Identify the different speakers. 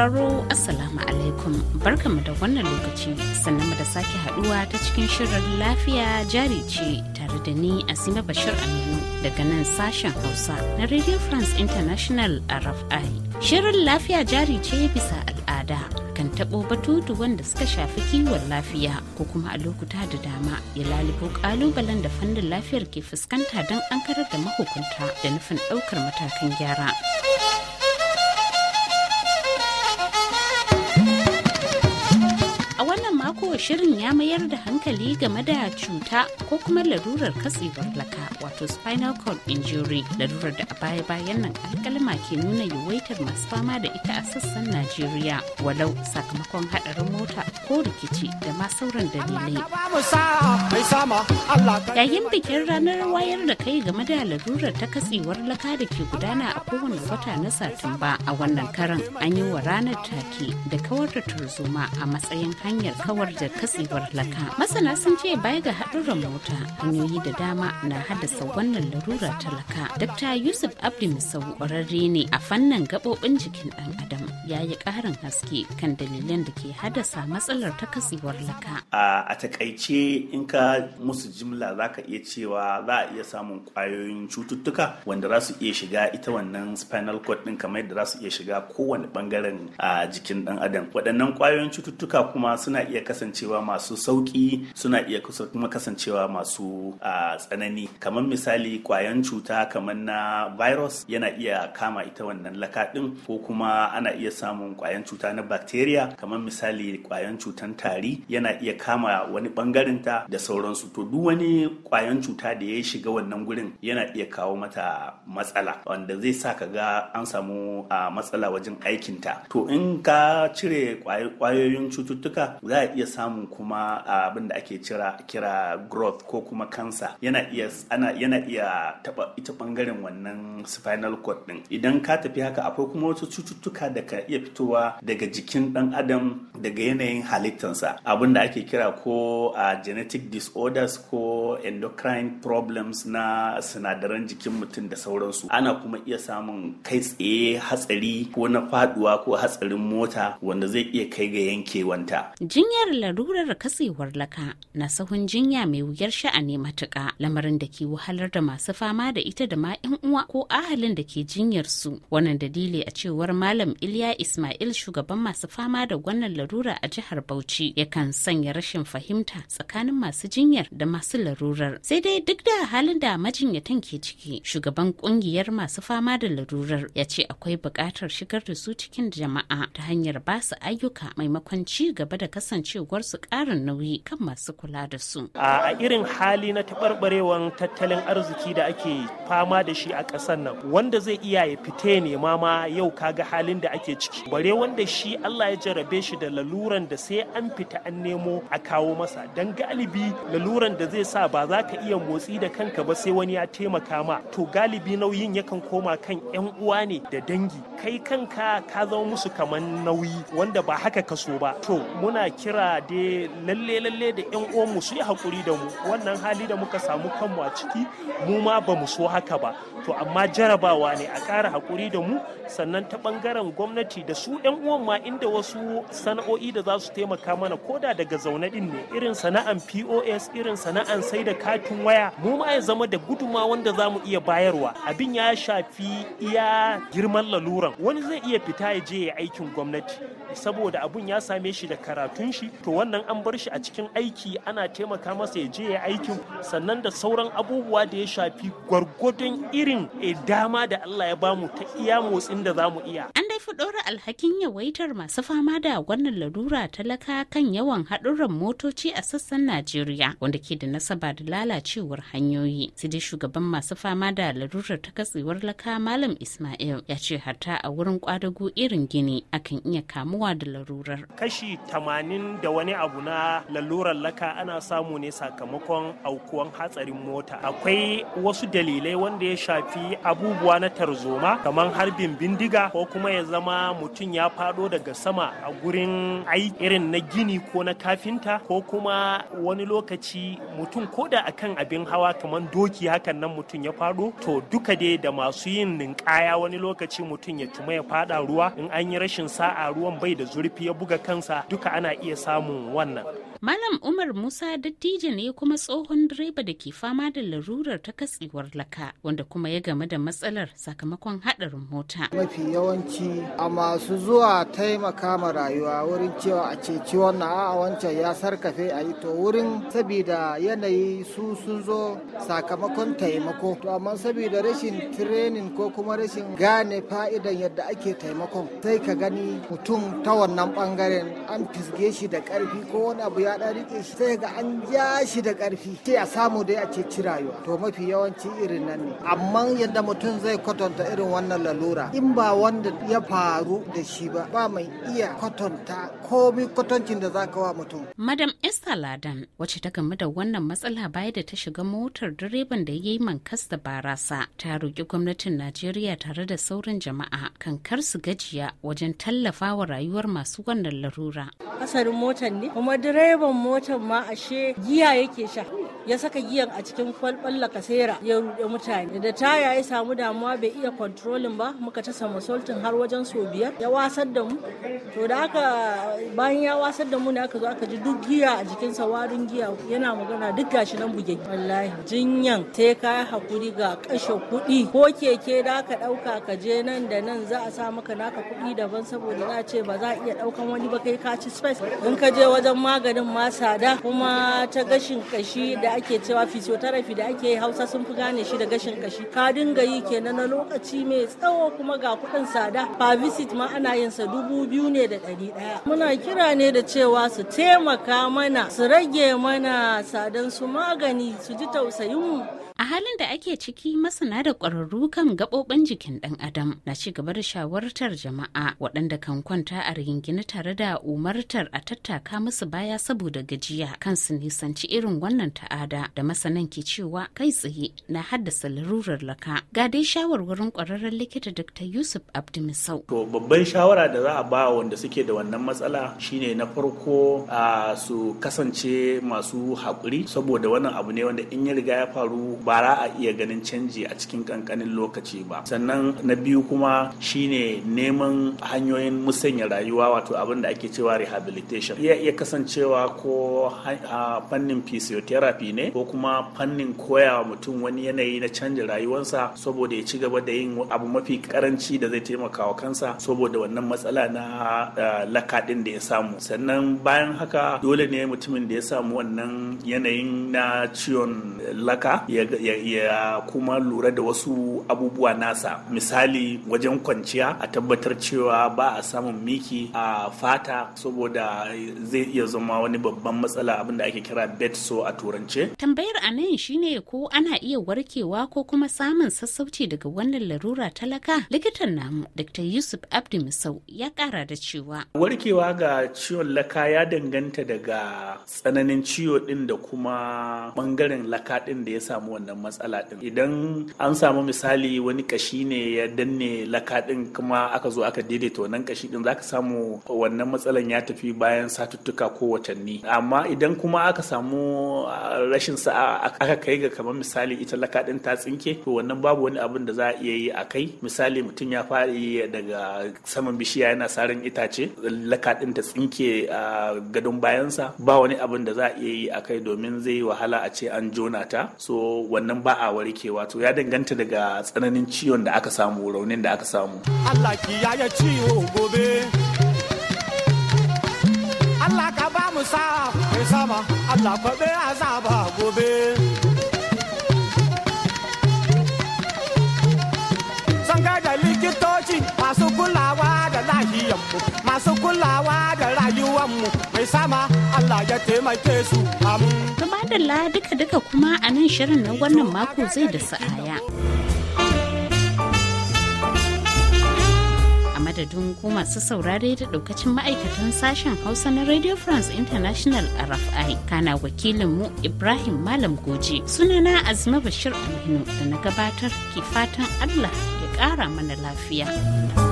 Speaker 1: sauraro Assalamu alaikum barkamu da wannan lokaci sannan da sake haduwa ta cikin shirin lafiya jari ce tare da ni Asima Bashir Aminu daga nan sashen Hausa na Radio France International RFI. Shirin lafiya jari ce bisa al'ada kan taɓo batutu wanda suka shafi kiwon lafiya ko kuma a lokuta da dama ya lalubo ƙalubalen da fannin lafiyar ke fuskanta don an karar da mahukunta da nufin ɗaukar matakan gyara shirin ya mayar da hankali game da cuta ko kuma larurar katsewar laka wato spinal cord injury larurar da a baya bayan nan alkalma ke nuna yawaitar masu fama da ita a sassan najeriya walau sakamakon hadarin mota ko rikici da ma sauran dalilai yayin bikin ranar wayar da kai game da larurar ta katsewar laka da ke gudana a kowane wata na satumba a wannan karan an yi wa ranar take da kawar da turzuma a matsayin hanyar kawar da katsewar laka masana sun ce baya ga haɗurran mota hanyoyi da dama na haddasa wannan larura ta laka dr yusuf abdi musau ƙwararre ne a fannin gaɓoɓin jikin ɗan adam ya yi ƙarin haske kan dalilan da ke haddasa matsalar ta katsewar laka
Speaker 2: a takaice in ka musu jimla za ka iya cewa za a iya samun ƙwayoyin cututtuka wanda za su iya shiga ita wannan spinal cord ɗin kamar yadda za su iya shiga kowane ɓangaren a jikin ɗan adam waɗannan ƙwayoyin cututtuka kuma suna iya kasance kasancewa masu sauƙi suna iya kuma kasancewa masu tsanani kamar misali kwayan cuta kamar na virus yana iya kama ita wannan laka ɗin ko kuma ana iya samun kwayan cuta na bacteria kamar misali kwayan cutan tari yana iya kama wani bangaren ta da sauransu to duk wani kwayan cuta da ya shiga wannan gurin yana iya kawo mata matsala wanda zai sa ka ga an samu matsala wajen aikinta to in ka cire kwayoyin cututtuka za a iya samun samun kuma abin da ake kira growth ko kuma kansa yana iya ana yana iya taba ita bangaren wannan spinal cord din idan ka tafi haka akwai kuma wasu cututtuka da ka iya fitowa daga jikin dan adam daga yanayin halittansa abin da ake kira ko a genetic disorders ko endocrine problems na sinadaran jikin mutum da sauransu ana kuma iya samun kai tsaye hatsari ko na faduwa ko hatsarin mota wanda zai iya kai ga yankewanta
Speaker 1: jinyar larurar katsewar laka na sahun jinya mai wuyar sha'ani matuƙa lamarin da ke wahalar da masu fama da ita da ma 'yan uwa ko ahalin da ke jinyar su wannan dalili a cewar malam Iliya Ismail shugaban masu fama da wannan larura a jihar Bauchi yakan sanya rashin fahimta tsakanin masu jinyar da masu larurar sai dai duk da halin da majinyatan ke ciki shugaban kungiyar masu fama da larurar ya ce akwai buƙatar shigar da su cikin jama'a ta hanyar ba su ayyuka maimakon ci gaba da kasancewar kasancewar su ƙarin nauyi kan masu kula da su.
Speaker 3: A irin
Speaker 1: hali na taɓarɓarewar tattalin arziki
Speaker 3: da ake fama da shi a ƙasar nan wanda zai iya ya fite ne ma yau kaga halin da ake ciki. Bare wanda shi Allah ya jarabe shi da laluran da sai an fita an nemo a kawo masa don galibi laluran da zai sa ba za ka iya motsi da kanka ba sai wani ya taimaka ma to galibi nauyin yakan koma kan 'yan uwa ne da dangi kai kanka ka zama musu kaman nauyi wanda ba haka ka so ba to muna kira dai lalle lalle da yan uwanmu su yi hakuri da mu wannan hali da muka samu kanmu a ciki mu ma ba mu so haka ba to amma jarabawa ne a ƙara hakuri da mu sannan ta ɓangaren gwamnati da su yan uwan ma inda wasu sana'o'i da za su taimaka mana koda daga zaune ɗin ne irin sana'an POS irin sana'an sai da katin waya mu ma ya zama da guduma wanda za mu iya bayarwa abin ya shafi iya girman laluran wani zai iya fita ya je ya aikin gwamnati saboda abun ya same shi da karatun shi to wannan an bar shi a cikin aiki ana taimaka masa ya je ya aikin sannan da sauran abubuwa da ya shafi gwargwadon irin eh, dama da Allah ya bamu ta iya motsin da za mu iya
Speaker 1: fi ɗora alhakin yawaitar masu fama da wannan larura talaka kan yawan haɗurran motoci a sassan Najeriya wanda ke da nasaba da lalacewar hanyoyi. Sai dai shugaban masu fama da larurar ta katsewar laka Malam Ismail ya ce hatta a wurin kwadago irin gini akan iya kamuwa da larurar.
Speaker 3: Kashi tamanin da wani abu na lalurar laka ana samu ne sakamakon aukuwan hatsarin mota. Akwai wasu dalilai wanda ya shafi abubuwa na tarzoma kamar harbin bindiga ko kuma ya zama mutum ya fado daga sama a gurin ai irin na gini ko na kafinta ko kuma wani lokaci mutum ko da akan abin hawa kamar doki hakan nan mutum ya fado to duka dai da masu yin ninkaya wani lokaci mutum ya tuma ya fada ruwa in
Speaker 1: an yi rashin sa'a ruwan bai da zurfi ya buga kansa duka ana iya samun wannan Malam Umar Musa dattijo ne kuma tsohon direba da ke fama da larurar ta katsewar laka wanda kuma ya game da matsalar sakamakon haɗarin mota. Mafi
Speaker 4: yawanci a masu zuwa taimaka ma rayuwa wurin cewa a ceci wannan a wancan ya sarkafe a yi to wurin sabida yanayi su sun zo sakamakon taimako. To amma sabida rashin tirenin ko kuma rashin gane fa'idan yadda ake taimakon sai ka gani mutum ta wannan bangaren an fisge shi da ƙarfi ko wani abu ya ya riƙe sai ga an ja shi da ƙarfi sai a samu dai a ce rayuwa to mafi yawanci irin nan ne amma yadda mutum zai kwatanta irin wannan lalura in ba wanda ya faru da shi ba ba mai iya kwatanta komai kwatancin da za ka wa mutum.
Speaker 1: Madam Esther Ladan wacce ta gamu da wannan matsala bayan da ta shiga motar direban da ya yi mankas barasa ta roƙi gwamnatin Najeriya tare da sauran jama'a kan kar su gajiya wajen tallafa wa rayuwar masu wannan larura.
Speaker 4: Asarin motar ne kuma direba direban motar ma ashe giya yake sha ya saka giyan a cikin kwalban lakasera ya ruɗe mutane da taya ya samu damuwa bai iya kontrolin ba muka ta sama soltin har wajen so biyar ya wasar da mu to da aka bayan ya wasar da mu ne aka zo aka ji duk giya a jikin sawarin giya yana magana duk gashi nan buge wallahi jinyan sai ka hakuri ga kashe kuɗi ko keke da ka ɗauka ka je nan da nan za a sa maka naka kuɗi daban saboda za a ce ba za a iya ɗaukan wani ba kai ka ci space in ka je wajen maganin ma tsada. kuma ta gashin kashi da ake cewa physiotherapy da ake yi hausa sun fi gane shi da gashin kashi ka dinga yi kenan na lokaci mai tsawo kuma ga kuɗin Sada? per visit ma ana yin sa dubu biyu ne da ɗari ɗaya muna kira ne da cewa su taimaka mana su rage mana sadan su magani su ji tausayin mu a halin da ake ciki
Speaker 1: masana da ƙwararru kan gaɓoɓin jikin ɗan adam na ci gaba da shawartar jama'a waɗanda kan kwanta a rigingine tare da umartar a tattaka musu baya saboda gajiya kan su nisanci irin wannan ta'ada da masanan ke cewa kai tsaye na haddasa larurar laka ga dai shawarwarin ƙwararren likita dr yusuf abdumisau to babban
Speaker 2: shawara da za a ba wanda suke da wannan matsala shine na farko a su kasance masu haƙuri saboda wannan abu ne wanda in ya riga ya faru ba a iya ganin canji a cikin kankanin lokaci ba sannan na biyu kuma shine neman hanyoyin musanya rayuwa wato abin da ake cewa rehabilitation iya iya kasancewa ko fannin physiotherapy ne ko kuma fannin koyawa mutum wani yanayi na canza rayuwarsa saboda ya ci gaba da yin abu mafi karanci da zai taimaka wa kansa saboda wannan matsala na lakaɗin da ya samu sannan bayan haka dole ne mutumin da ya samu wannan yanayin na ciwon laka ya ya kuma lura da wasu abubuwa nasa misali wajen kwanciya a tabbatar cewa ba a samun miki a fata saboda zai iya zama wani babban matsala abinda ake kira bed so a turance
Speaker 1: tambayar a nan shine ko ana iya warkewa ko kuma samun sassauci daga wannan larura talaka likitan namu dr yusuf abdi misau ya kara da cewa
Speaker 2: warkewa ga ciwon laka ya danganta daga tsananin ciwo din da kuma bangaren laka din da ya samu wannan wannan matsala din idan an samu misali wani kashi ne ya danne laka din kuma aka zo aka daidaita wannan kashi din zaka samu wannan matsalan ya tafi bayan satuttuka ko watanni amma idan kuma aka samu rashin sa'a aka kai ga kamar misali ita lakaɗin ta tsinke to wannan babu wani abin da za a iya yi a kai misali mutum ya fadi daga saman bishiya yana sarin itace laka din ta tsinke a gadon bayansa ba wani abin da za a iya yi a kai domin zai wahala a ce an jona ta so wannan ba a warkewa to ya danganta daga tsananin ciwon da aka samu raunin da aka samu Allah ya ciwo
Speaker 3: gobe Allah ka ba mu sa mai sama Allah kwabe azaba gobe Zan da likitoci masu kulawa da lahiyanmu masu kulawa da rayuwanmu mai sama ya taimake su
Speaker 1: Tuma da duka-duka kuma a nan shirin na wannan mako zai da sa'aya. madadin ko masu saurare da daukacin ma'aikatan sashen hausa na radio france international rfi kana wakilin mu ibrahim malam goje sunana azma bashir aminu da na gabatar ke fatan allah ya ƙara mana lafiya.